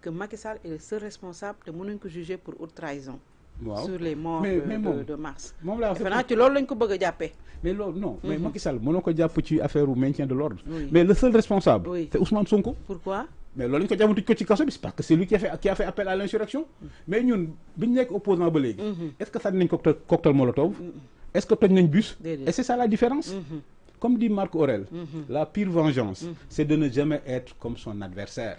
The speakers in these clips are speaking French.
que Macky est le seul responsable de ko juger pour haute trahison sur les morts de, mars tu l'as mais non mais mm-hmm. Macky Sall affaire maintien de l'ordre mais le seul responsable c'est Ousmane Sonko pourquoi mais l'on ko parce que c'est lui qui a fait qui a fait appel à l'insurrection mm-hmm. mais nous, si nous sommes opposant à Bolé. Mm-hmm. est-ce que ça nañ un cocktail molotov est-ce que as un bus et c'est ça la différence comme dit Marc Aurel, mhm. la pire vengeance, mhm. c'est de ne jamais être comme son adversaire.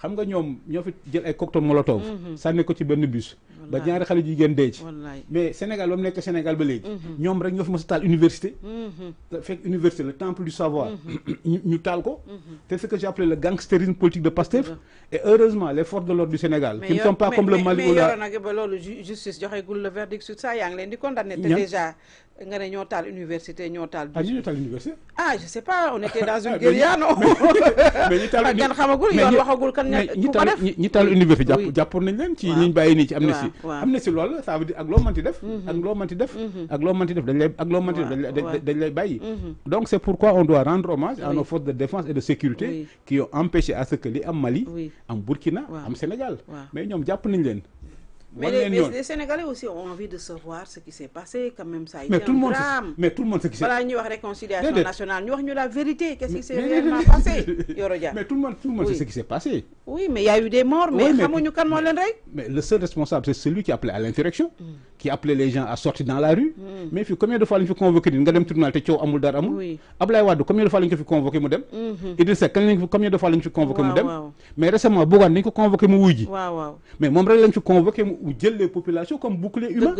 xam nga ñoom ñoo fi jël ay cocktail molotov. ça mhm. sànni ko ci de bus ba ñaari xale jigéen dee ci mais Sénégal ba mu nekk Sénégal ba léegi mhm. ñoom rek ñoo fi mës a taal université mhm. fekk université le temple du savoir mhm. ñu taal ko c'est ce que appelé le gangsterisme politique de Pastef et heureusement les forces de l'ordre du Sénégal qui ne sont pas comme le Mali ou la mais ba loolu justice joxeegul le verdict sur ça yaa ngi leen di condamné te déjà nga ne ñoo taal université ñoo taal. ah ñoo taal université. ah je sais pas on était dans une guérilla non. mais ñu taal xamagul yoon waxagul kan. ñi taal taal université jàpp jàppoon nañ leen. ci ñu bàyyi nii ci amnistie am ci si ça veut dire ak lo manti def mhm. ak lo manti def mhm. ak lo manti def dañ lay ak lo manti dañ lay mhm. donc c'est pourquoi on doit rendre hommage à nos forces de défense et de sécurité qui ont empêché à ce que li am Mali am Burkina am Sénégal mais ñom japp nañ leen mais les, Sénégalais aussi ont envie de savoir ce qui s'est passé, quand même, ça a été mais tout un le monde, drame. Mais tout le monde sait qui s'est passé. Voilà, nous réconciliation nationale, nous avons la vérité, qu'est-ce qui s'est réellement passé, Mais tout le monde, tout le monde sait ce qui s'est passé. Oui, mais il y a eu des morts, mais, oui, mais, mais, mais, le seul responsable, c'est celui qui appelait à l'insurrection, mm. qui appelait les gens à sortir dans la rue, Mm. mais fi combien de fois la ñu fi convoqué nit nga dem tribunal té coow amul dar amul Wade combien de fois la ñu ko convoqué mu dem Idrissa ça. combien de fois la ñu fi convoqué mu dem mm-hmm. mais récemment Bougane ni ko convoqué mu wuy ji mais mom rek lañ fi convoqué mu jël les populations comme bouclier humain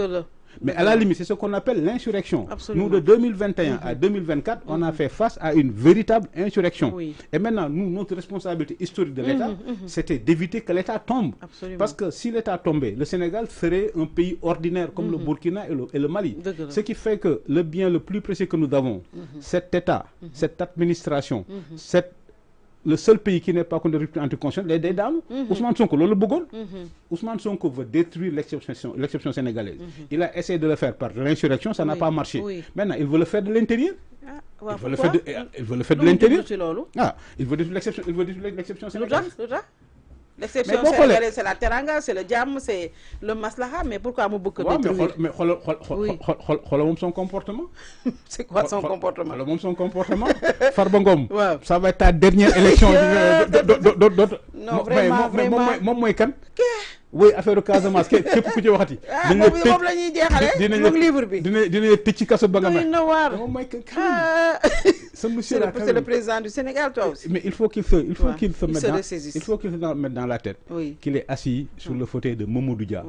mais à la limite, c'est ce qu'on appelle l'insurrection. Nous, de 2021 mhm. à 2024, on a fait face à une véritable insurrection. Et maintenant, nous, notre responsabilité historique de l'État, mhm, mhm. c'était d'éviter que l'État tombe. Parce que si l'État tombait, le Sénégal serait un pays ordinaire comme le Burkina et le, et le Mali. Ce qui fait que le bien le plus précieux que nous avons, cet État, cette administration, cette le seul pays qui n'est pas contre les ruptures anticonstitutionnelles les dédames mm-hmm. Ousmane Sonko loolu la mm-hmm. Ousmane Sonko veut détruire l'exception l'exception sénégalaise. Mm-hmm. il a essayé de le faire par l'insurrection ça n'a pas marché. maintenant il veut le faire de l'intérieur. Ah, il veut le faire de l'intérieur. Ah, il veut détruire l'exception il veut détruire l'exception sénégalaise. L'exception c'est la teranga, c'est le djam, c'est le maslaha, mais pourquoi Mou Bouk Mais regarde son comportement. C'est quoi son comportement Regarde son comportement. Farbangom, ça va être ta dernière élection. Non, vraiment, vraiment. Moi, oui, affaire Casamance képp ku ci waxati. dinañ la moom la ñuy jeexalee moom livre bi dinañ dinañ tëj ci kaso ba nga mel. Oh ah. ce monsieur là c'est le président du Sénégal toi aussi. mais il faut qu'il se il faut qu'il se mette dans il faut qu'il se mette dans la tête. oui qu'il est assis sur le fauteuil de Mamadou Dia.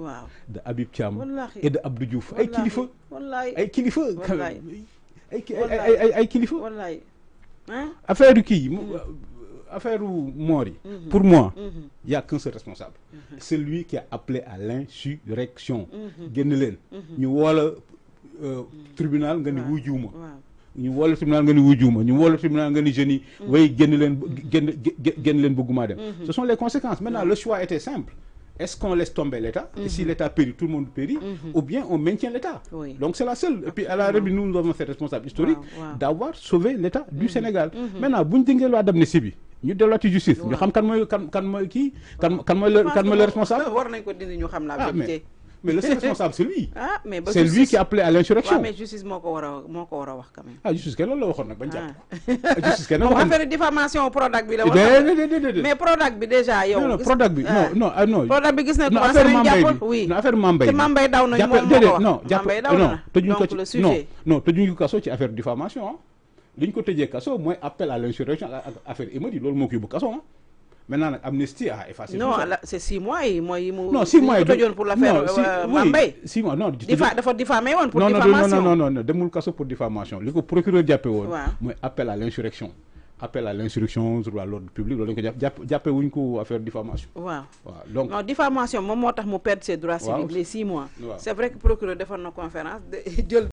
de Habib Thiam. et de Abdou Diouf ay kilifa. wallaay ay kilifa. wallaay ay aïe, qu'il kilifa. wallaay hein? affaire kii. Mm affaire Mori, mhm. pour moi, il mhm. n'y a qu'un seul responsable. Mhm. Celui qui a appelé à l'insurrection. Guénelen. Nous voilà tribunal, nous ñu euh, tribunal nga ni wujuma ñu woo tribunal nga ni jeunes yi way génn leen génn génn leen dem ce sont les conséquences maintenant le choix était simple est-ce qu'on laisse tomber l'État Et si l'État périt, tout le monde périt, ou bien on maintient l'État Donc c'est la seule. Et puis à la nous, nous avons cette responsable historique d'avoir sauvé l'État du Sénégal. Maintenant, ñu delluwaat ci justice ñu xam kan moy kan kan moy ki kan kan moy kan moy le responsable war nañ ko dindi ñu xam la ah, vérité mais le responsable c'est lui ah mais c'est lui qui a appelé à l'insurrection mais justice moko wara moko wara wax quand même ah justice kenn loolu la waxoon nag bañ jàpp ah. Ah, justice kenn moom affaire diffamation au Prodac bi la waxoon eh, mais Prodac bi déjà yow non Prodac bi non non non Prodac bi gis na commencé nañ jàpp oui non affaire Mambay te Mambay daw nañ moom moo ko wax non jàpp non tëjuñ ko ci non non tëjuñ ko kaso ci affaire diffamation hein li côté ko tëjee kaso mooy appel à l'insurrection il affaire dit loolu moo ko yóbbu kaso ah. maintenant nag amnistie a effacé. non c'est six mois yi mooy. mu non six mois yi tëjoon pour l'affaire oui six mois non. difa dafa diffamé woon pour diffamation non non non demul kaso pour diffamation le procureur jàppe woon. appel à l'insurrection appel à l'insurrection sur l'ordre public loolu lañ ko jàpp jàppe wuñ affaire diffamation donc non diffamation moom moo tax mu perdre ses droits civiques les six mois c'est vrai que procureur defoon na conférence jël